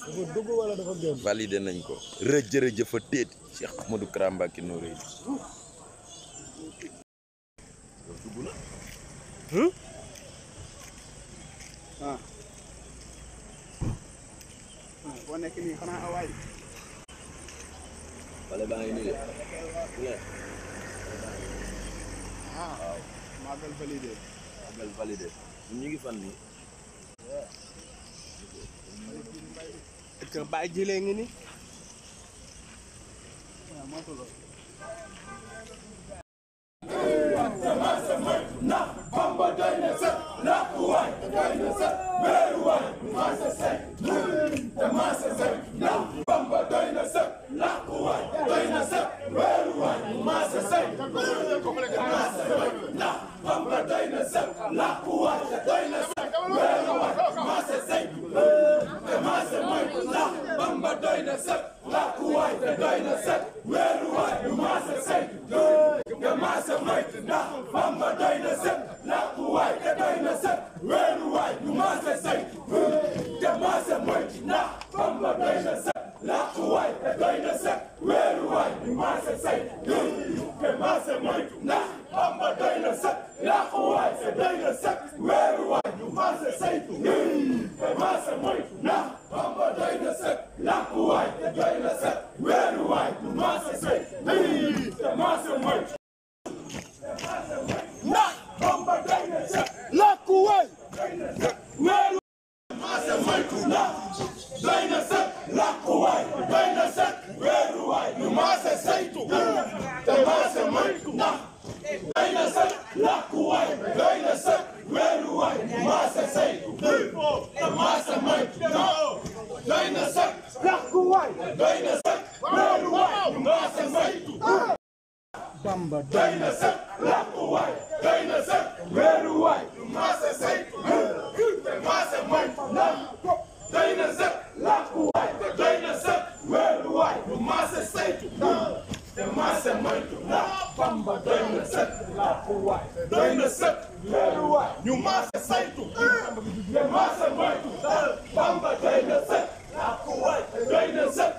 dafa nañ ko. rëjërëjëf a téet Cheikh Ahmadou Kara Mbacké Noreyni. dugg na. ah. boo nekk nii xanaa awaay. wala baa ngi nii de. fan nii. kër baay jëlee ngi ni doy na sëkk làkku waay te doy na sëkk weeru waay ñu maase saytu jooy nga maase moytu ndax Bamba doy na sëkk làkku waay te doy na sëkk weeru waay ñu maase saytu te maase moytu ndax Bamba doy na sëkk làkku waay te doy na sëkk weeru waay ñu maase saytu te maase moytu ndax Bamba doy na sëkk làkku waay te doy na sëkk te maa sa mën ndax doy na sëkk làkkuwaay doy na sëkk weeruwaay maa sa say doy te maa sa mën ndax doy na sëkk làkkuwaay doy na sëkk weeruwaay maa sa say Bamba doy na sëkk làkkuwaay doy na sëkk weeruwaay maa sa say sët leelu waay ñu maase saytu te maase Bamba doy na sët ak waay doy na sët